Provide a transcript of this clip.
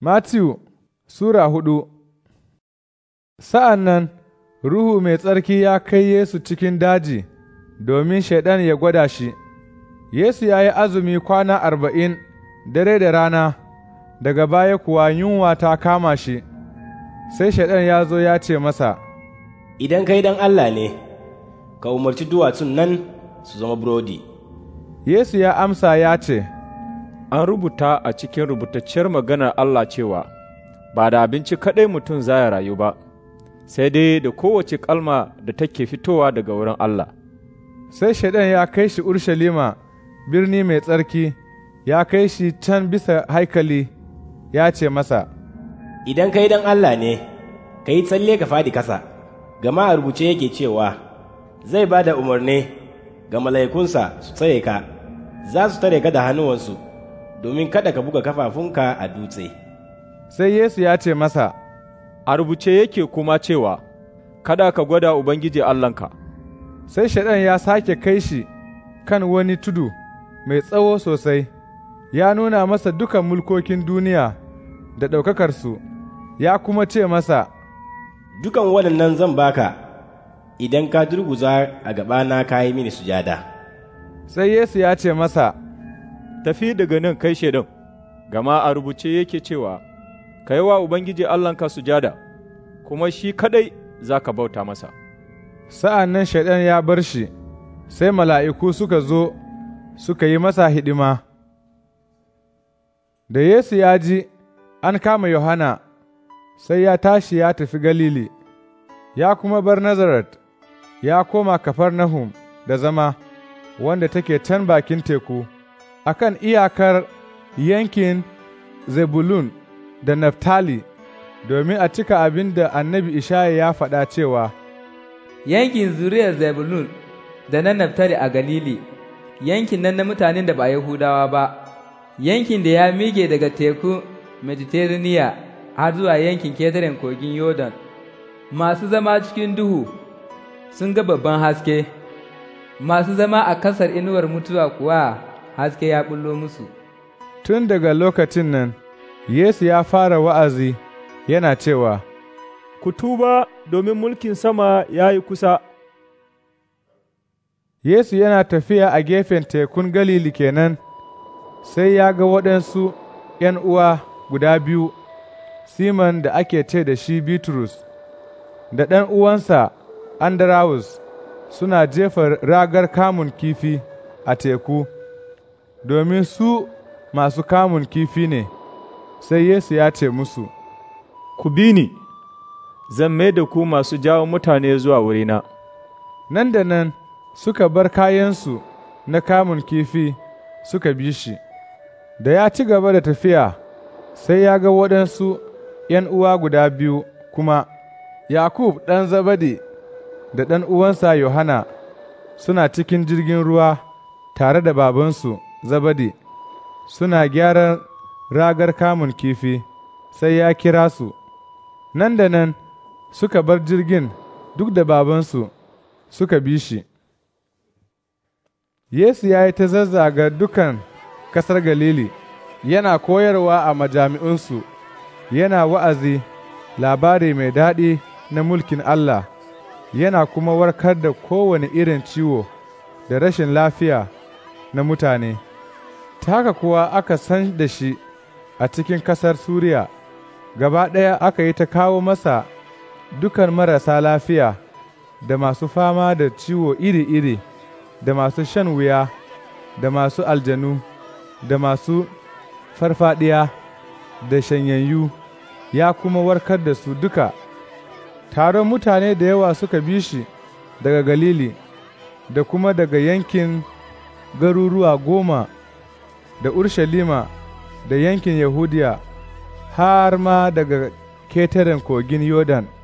Matthew Sura hudu Sa'an nan, Ruhu mai tsarki ya kai Yesu cikin daji domin Shaiɗan ya gwada shi, Yesu ya yi azumi kwana arba'in dare da rana, daga baya kuwa yunwa ta kama shi, sai Shaiɗan ya zo ya ce masa, Idan kai dan Allah ne, ka umarci duwatsun nan su zama burodi. Yesu ya amsa ya ce, an rubuta a cikin rubutacciyar maganar Allah cewa, Ba da abinci kaɗai mutum za ya rayu ba, sai dai da kowace kalma da take fitowa daga wurin Allah. Sai shaidan ya kai shi Urshalima, birni mai tsarki, ya kai shi can bisa haikali, ya ce masa, Idan ka yi don Allah ne, ka yi tsalle ka fadi kasa, gama a rubuce yake cewa, Zai ba da umarni ga mala'ikunsa su tsare ka, za su tare ka da hannuwansu. domin kada ka buga kafafunka a dutse. Sai Yesu ya ce masa, A rubuce yake kuma cewa, Kada ka gwada Ubangiji Allahnka. Sai Shaɗan ya sake kai shi kan wani tudu mai tsawo sosai, ya nuna masa dukan mulkokin duniya da ɗaukakarsu, ya kuma ce masa, Dukan waɗannan zan baka, idan ka durguza a gabana ka yi mini sujada. Sai Yesu ya ce masa, tafi daga nan kai shaidan, gama a rubuce yake cewa, Ka yi wa Ubangiji Allahnka sujada, kuma shi kaɗai za ka bauta masa. Sa'an nan shaidan ya bar shi, sai mala'iku suka zo suka yi masa hidima. Da Yesu ya ji an kama Yohana, sai ya tashi ya tafi Galili, ya kuma bar Nazaret, ya koma kafar nahum da zama, wanda take can bakin teku. a kan iyakar yankin Zebulun da Naftali domin a cika abin da annabi Ishaya ya faɗa cewa, Yankin zuriyar Zebulun da na Naftali a Galili, yankin nan na mutanen da ba Yahudawa ba, yankin da ya mige daga teku Mediterania har zuwa yankin ketaren kogin Yodan. masu zama cikin duhu sun ga babban haske, masu zama a kasar inuwar mutuwa kuwa haske ya bullo musu. Tun daga lokacin nan, Yesu ya fara wa'azi yana cewa, Ku tuba domin mulkin sama ya yi kusa. Yesu yana tafiya a gefen tekun Galili kenan, sai ya ga waɗansu ’yan uwa guda biyu, Siman da ake ce da shi Bitrus, da ɗan uwansa Andarawus suna jefa ragar kamun kifi a teku. domin su masu kamun kifi ne, sai Yesu ya ce musu, Ku bi ni, zan mai da ku masu jawo mutane zuwa wurina. Nan da nan suka bar kayansu na kamun kifi suka bi shi, da ya ci gaba da tafiya sai ya ga waɗansu ’yan uwa guda biyu kuma, Yakub ɗan Zabadi da ɗan uwansa Yohana suna cikin jirgin ruwa tare da babansu. Zabadi suna gyaran ragar kamun kifi, sai ya kira su, nan da nan suka bar jirgin duk da babansu suka bi shi. Yesu ya yi ta zazzaga dukan ƙasar Galili, yana koyarwa a majami'unsu, yana wa'azi labari mai daɗi na mulkin Allah, yana kuma warkar da kowane irin ciwo da rashin lafiya na mutane. ta haka kuwa aka san da shi a cikin ƙasar Suriya, gaba ɗaya aka yi ta kawo masa dukan marasa lafiya da masu fama da ciwo iri-iri, da masu shan wuya, da masu aljanu, da masu farfadiya, da shanyayyu, ya kuma warkar da su duka. Taron mutane da yawa suka bi shi daga Galili, da kuma daga yankin garuruwa goma da Urshalima da yankin Yahudiya har ma daga ketaren kogin Yodan